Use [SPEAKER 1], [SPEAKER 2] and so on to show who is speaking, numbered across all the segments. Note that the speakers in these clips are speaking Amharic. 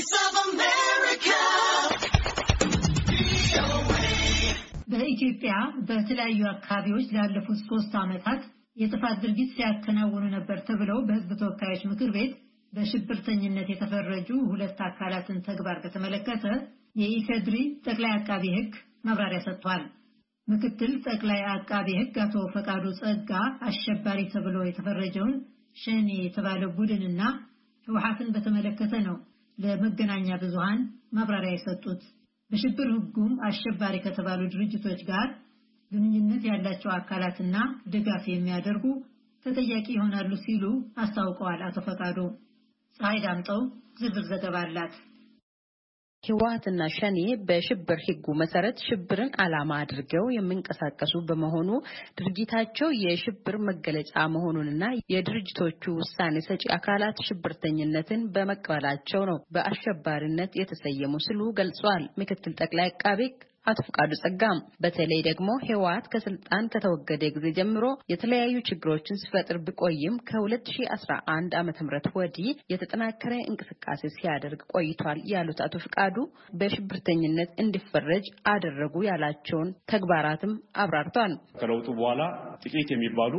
[SPEAKER 1] Voice of America በኢትዮጵያ በተለያዩ አካባቢዎች ላለፉት ሶስት ዓመታት የጥፋት ድርጊት ሲያከናውኑ ነበር ተብለው በሕዝብ ተወካዮች ምክር ቤት በሽብርተኝነት የተፈረጁ ሁለት አካላትን ተግባር በተመለከተ የኢፌድሪ ጠቅላይ አቃቢ ሕግ ማብራሪያ ሰጥቷል። ምክትል ጠቅላይ አቃቢ ሕግ አቶ ፈቃዱ ጸጋ አሸባሪ ተብሎ የተፈረጀውን ሸኔ የተባለ ቡድንና ህወሓትን በተመለከተ ነው ለመገናኛ ብዙሃን ማብራሪያ የሰጡት በሽብር ህጉም አሸባሪ ከተባሉ ድርጅቶች ጋር ግንኙነት ያላቸው አካላትና ድጋፍ የሚያደርጉ ተጠያቂ ይሆናሉ ሲሉ አስታውቀዋል። አቶ ፈቃዱ ፀሐይ ዳምጠው ዝርዝር ዘገባ አላት። ህወሓትና ሸኔ በሽብር ህጉ መሰረት ሽብርን ዓላማ አድርገው የሚንቀሳቀሱ በመሆኑ ድርጊታቸው የሽብር መገለጫ መሆኑንና የድርጅቶቹ ውሳኔ ሰጪ አካላት ሽብርተኝነትን በመቀበላቸው ነው በአሸባሪነት የተሰየሙ ስሉ ገልጿል። ምክትል ጠቅላይ አቃቤ አቶ ፍቃዱ ጸጋም በተለይ ደግሞ ህወሓት ከስልጣን ከተወገደ ጊዜ ጀምሮ የተለያዩ ችግሮችን ሲፈጥር ቢቆይም ከ2011 ዓ ም ወዲህ የተጠናከረ እንቅስቃሴ ሲያደርግ ቆይቷል ያሉት አቶ ፍቃዱ በሽብርተኝነት እንዲፈረጅ አደረጉ ያላቸውን ተግባራትም አብራርቷል።
[SPEAKER 2] ከለውጡ በኋላ ጥቂት የሚባሉ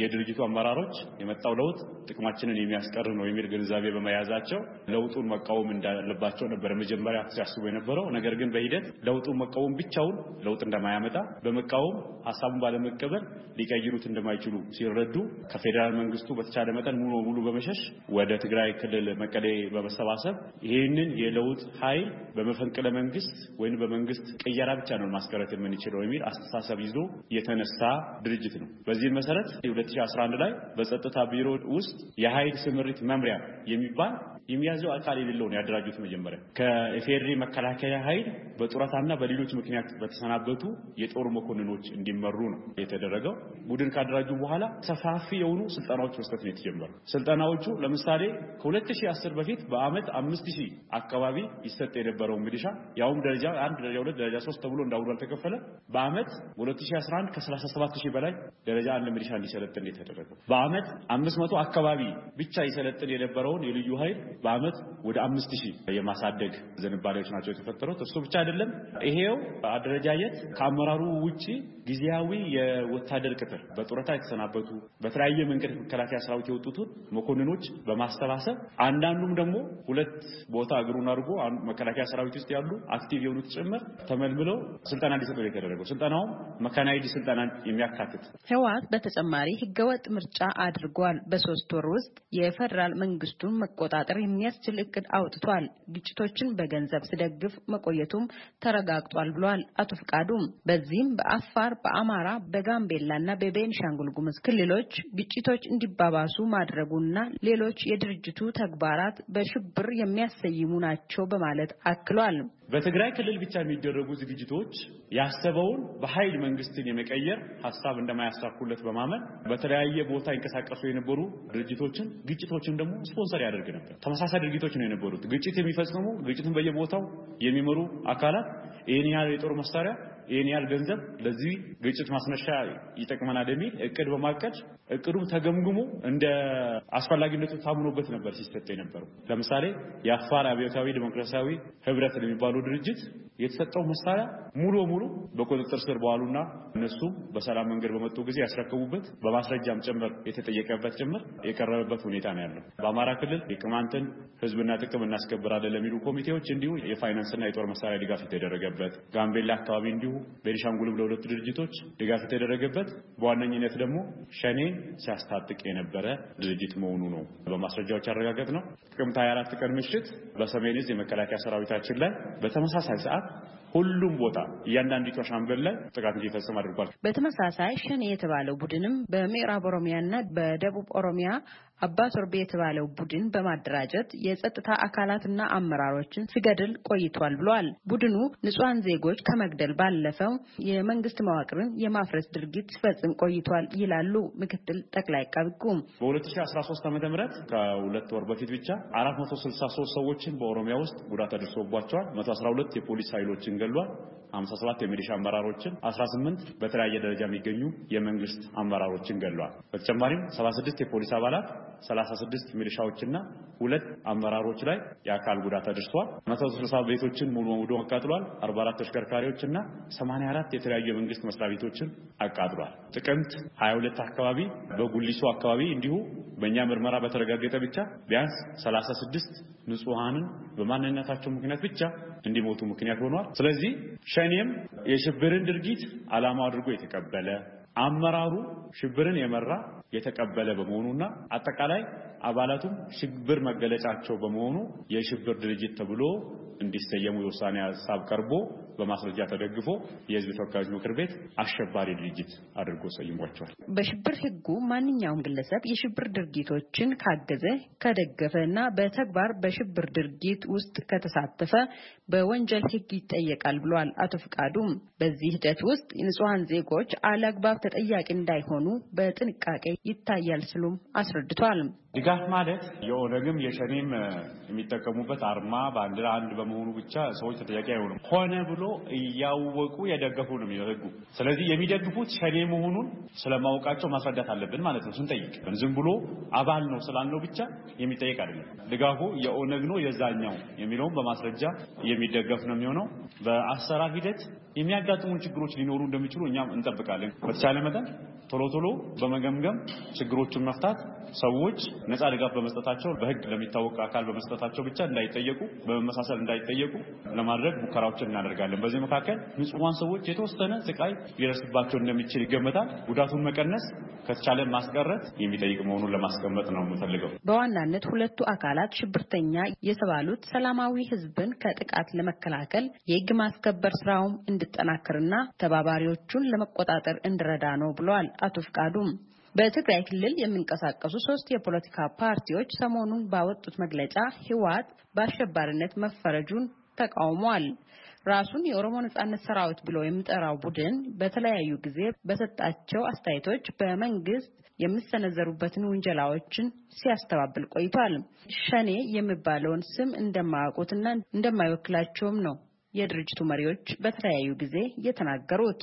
[SPEAKER 2] የድርጅቱ አመራሮች የመጣው ለውጥ ጥቅማችንን የሚያስቀር ነው የሚል ግንዛቤ በመያዛቸው ለውጡን መቃወም እንዳለባቸው ነበር መጀመሪያ ሲያስቡ የነበረው። ነገር ግን በሂደት ለውጡን መቃወም ብቻውን ለውጥ እንደማያመጣ በመቃወም ሀሳቡን ባለመቀበል ሊቀይሩት እንደማይችሉ ሲረዱ ከፌዴራል መንግስቱ በተቻለ መጠን ሙሉ ሙሉ በመሸሽ ወደ ትግራይ ክልል መቀሌ በመሰባሰብ ይህንን የለውጥ ኃይል በመፈንቅለ መንግስት ወይም በመንግስት ቅየራ ብቻ ነው ማስቀረት የምንችለው የሚል አስተሳሰብ ይዞ የተነሳ ድርጅት ነው። በዚህ መሰረት 2011 ላይ በጸጥታ ቢሮ ውስጥ የኃይል ስምሪት መምሪያ የሚባል የሚያዘው አካል የሌለው ነው ያደራጁት። መጀመሪያ ከኢፌዴሪ መከላከያ ኃይል በጡረታና በሌሎች ምክንያት በተሰናበቱ የጦር መኮንኖች እንዲመሩ ነው የተደረገው። ቡድን ካደራጁ በኋላ ሰፋፊ የሆኑ ስልጠናዎች መስጠት ነው የተጀመረው። ስልጠናዎቹ ለምሳሌ ከ2010 በፊት በአመት 5000 አካባቢ ይሰጥ የነበረው ሚሊሻ ያውም ደረጃ አንድ ደረጃ ሁለት ደረጃ ሶስት ተብሎ እንዳውሩ አልተከፈለ በአመት 2011 ከ37000 በላይ ደረጃ አንድ ሚሊሻ እንዲሰለጥን የተደረገው በአመት 500 አካባቢ ብቻ ይሰለጥን የነበረውን የልዩ ኃይል በአመት ወደ አምስት ሺህ የማሳደግ ዝንባሌዎች ናቸው የተፈጠሩት። እሱ ብቻ አይደለም። ይሄው አደረጃጀት ከአመራሩ ውጭ ጊዜያዊ የወታደር ቅጥር በጡረታ የተሰናበቱ በተለያየ መንገድ መከላከያ ሰራዊት የወጡትን መኮንኖች በማስተባሰብ አንዳንዱም ደግሞ ሁለት ቦታ እግሩን አድርጎ መከላከያ ሰራዊት ውስጥ ያሉ አክቲቭ የሆኑት ጭምር ተመልምለው ስልጠና እንዲሰጡ የተደረገው ስልጠናውም መካናይዲ ስልጠና የሚያካትት
[SPEAKER 1] ህወሓት በተጨማሪ ህገወጥ ምርጫ አድርጓል። በሶስት ወር ውስጥ የፌዴራል መንግስቱን መቆጣጠር የሚያስችል እቅድ አውጥቷል። ግጭቶችን በገንዘብ ስደግፍ መቆየቱም ተረጋግጧል ብሏል አቶ ፍቃዱም። በዚህም በአፋር፣ በአማራ፣ በጋምቤላና በቤንሻንጉል ጉሙዝ ክልሎች ግጭቶች እንዲባባሱ ማድረጉና ሌሎች የድርጅቱ ተግባራት በሽብር የሚያሰይሙ ናቸው በማለት አክሏል።
[SPEAKER 2] በትግራይ ክልል ብቻ የሚደረጉ ዝግጅቶች ያሰበውን በኃይል መንግስትን የመቀየር ሀሳብ እንደማያሳኩለት በማመን በተለያየ ቦታ ይንቀሳቀሱ የነበሩ ድርጅቶችን ግጭቶችን ደግሞ ስፖንሰር ያደርግ ነበር። ተመሳሳይ ድርጊቶች ነው የነበሩት። ግጭት የሚፈጽሙ ግጭትን በየቦታው የሚመሩ አካላት ይህን ያህል የጦር መሳሪያ ይህን ያህል ገንዘብ ለዚህ ግጭት ማስነሻ ይጠቅመናል የሚል እቅድ በማቀድ እቅዱ ተገምግሞ እንደ አስፈላጊነቱ ታምኖበት ነበር ሲሰጥ የነበረው። ለምሳሌ የአፋር አብዮታዊ ዲሞክራሲያዊ ህብረት የሚባለው ድርጅት የተሰጠው መሳሪያ ሙሉ በሙሉ በቁጥጥር ስር በዋሉና እነሱ በሰላም መንገድ በመጡ ጊዜ ያስረከቡበት በማስረጃም ጭምር የተጠየቀበት ጭምር የቀረበበት ሁኔታ ነው ያለው። በአማራ ክልል የቅማንትን ህዝብና ጥቅም እናስከብራለን ለሚሉ ኮሚቴዎች እንዲሁ የፋይናንስና የጦር መሳሪያ ድጋፍ የተደረገበት፣ ጋምቤላ አካባቢ እንዲሁ ቤኒሻንጉልም ለሁለቱ ድርጅቶች ድጋፍ የተደረገበት በዋነኝነት ደግሞ ሸኔ ሲያስታጥቅ የነበረ ድርጅት መሆኑ ነው በማስረጃዎች ያረጋገጥ ነው። ጥቅምት 24 ቀን ምሽት በሰሜን ዕዝ የመከላከያ ሰራዊታችን ላይ በተመሳሳይ ሰዓት ሁሉም ቦታ እያንዳንዲቷ ሻምበል ላይ ጥቃት እንዲፈጽም አድርጓል።
[SPEAKER 1] በተመሳሳይ ሸኔ የተባለው ቡድንም በምዕራብ ኦሮሚያና በደቡብ ኦሮሚያ አባ ሶርቤ የተባለው ቡድን በማደራጀት የጸጥታ አካላትና አመራሮችን ሲገድል ቆይቷል ብሏል። ቡድኑ ንጹሐን ዜጎች ከመግደል ባለፈው የመንግስት መዋቅርን የማፍረስ ድርጊት ሲፈጽም ቆይቷል ይላሉ ምክትል ጠቅላይ አቃቤ በ
[SPEAKER 2] በ2013 ዓ ም ከሁለት ወር በፊት ብቻ 463 ሰዎችን በኦሮሚያ ውስጥ ጉዳት አድርሶባቸዋል። 112 የፖሊስ ኃይሎችን ገድሏል 57 የሚሊሻ አመራሮችን፣ 18 በተለያየ ደረጃ የሚገኙ የመንግስት አመራሮችን ገድለዋል። በተጨማሪም 76 የፖሊስ አባላት፣ 36 ሚሊሻዎችና ሁለት አመራሮች ላይ የአካል ጉዳት አድርሷል። 160 ቤቶችን ሙሉ በሙሉ አቃጥሏል። 44 ተሽከርካሪዎች ተሽከርካሪዎችና 84 የተለያዩ የመንግስት መስሪያ ቤቶችን አቃጥሏል። ጥቅምት 22 አካባቢ በጉሊሶ አካባቢ እንዲሁ በእኛ ምርመራ በተረጋገጠ ብቻ ቢያንስ 36 ንጹሐንን በማንነታቸው ምክንያት ብቻ እንዲሞቱ ምክንያት ሆኗል። ስለዚህ ሸኔም የሽብርን ድርጊት ዓላማ አድርጎ የተቀበለ አመራሩ ሽብርን የመራ የተቀበለ በመሆኑና አጠቃላይ አባላቱም ሽብር መገለጫቸው በመሆኑ የሽብር ድርጅት ተብሎ እንዲሰየሙ የውሳኔ ሀሳብ ቀርቦ በማስረጃ ተደግፎ የህዝብ ተወካዮች ምክር ቤት አሸባሪ ድርጅት አድርጎ ሰይሟቸዋል።
[SPEAKER 1] በሽብር ህጉ ማንኛውም ግለሰብ የሽብር ድርጊቶችን ካገዘ ከደገፈ እና በተግባር በሽብር ድርጊት ውስጥ ከተሳተፈ በወንጀል ህግ ይጠየቃል ብለዋል አቶ ፍቃዱም። በዚህ ሂደት ውስጥ ንጹሐን ዜጎች አለአግባብ ተጠያቂ እንዳይሆኑ በጥንቃቄ ይታያል ስሉም አስረድቷል።
[SPEAKER 2] ድጋፍ ማለት የኦነግም የሸኔም የሚጠቀሙበት አርማ ባንዲራ አንድ በመሆኑ ብቻ ሰዎች ተጠያቂ አይሆኑም። ሆነ ብሎ ሆኖ እያወቁ የደገፉ ነው ህጉ። ስለዚህ የሚደግፉት ሸኔ መሆኑን ስለማወቃቸው ማስረዳት አለብን ማለት ነው ስንጠይቅ። ዝም ብሎ አባል ነው ስላልነው ብቻ የሚጠይቅ አይደለም። ድጋፉ የኦነግ ነው የዛኛው የሚለውን በማስረጃ የሚደገፍ ነው የሚሆነው። በአሰራር ሂደት የሚያጋጥሙን ችግሮች ሊኖሩ እንደሚችሉ እኛም እንጠብቃለን። በተቻለ መጠን ቶሎ ቶሎ በመገምገም ችግሮቹን መፍታት ሰዎች ነጻ ድጋፍ በመስጠታቸው በህግ ለሚታወቅ አካል በመስጠታቸው ብቻ እንዳይጠየቁ በመመሳሰል እንዳይጠየቁ ለማድረግ ሙከራዎችን እናደርጋለን። በዚህ መካከል ንጹሐን ሰዎች የተወሰነ ስቃይ ሊደርስባቸው እንደሚችል ይገመታል። ጉዳቱን መቀነስ ከተቻለ ማስቀረት የሚጠይቅ መሆኑን ለማስቀመጥ ነው የምፈልገው።
[SPEAKER 1] በዋናነት ሁለቱ አካላት ሽብርተኛ የተባሉት ሰላማዊ ህዝብን ከጥቃት ለመከላከል የህግ ማስከበር ስራውም እንዲጠናከርና ተባባሪዎቹን ለመቆጣጠር እንዲረዳ ነው ብለዋል። አቶ ፍቃዱም በትግራይ ክልል የሚንቀሳቀሱ ሶስት የፖለቲካ ፓርቲዎች ሰሞኑን ባወጡት መግለጫ ህወሓት በአሸባሪነት መፈረጁን ተቃውሟል። ራሱን የኦሮሞ ነጻነት ሰራዊት ብሎ የሚጠራው ቡድን በተለያዩ ጊዜ በሰጣቸው አስተያየቶች በመንግስት የሚሰነዘሩበትን ውንጀላዎችን ሲያስተባብል ቆይቷል። ሸኔ የሚባለውን ስም እንደማያውቁትና እንደማይወክላቸውም ነው የድርጅቱ መሪዎች በተለያዩ ጊዜ የተናገሩት።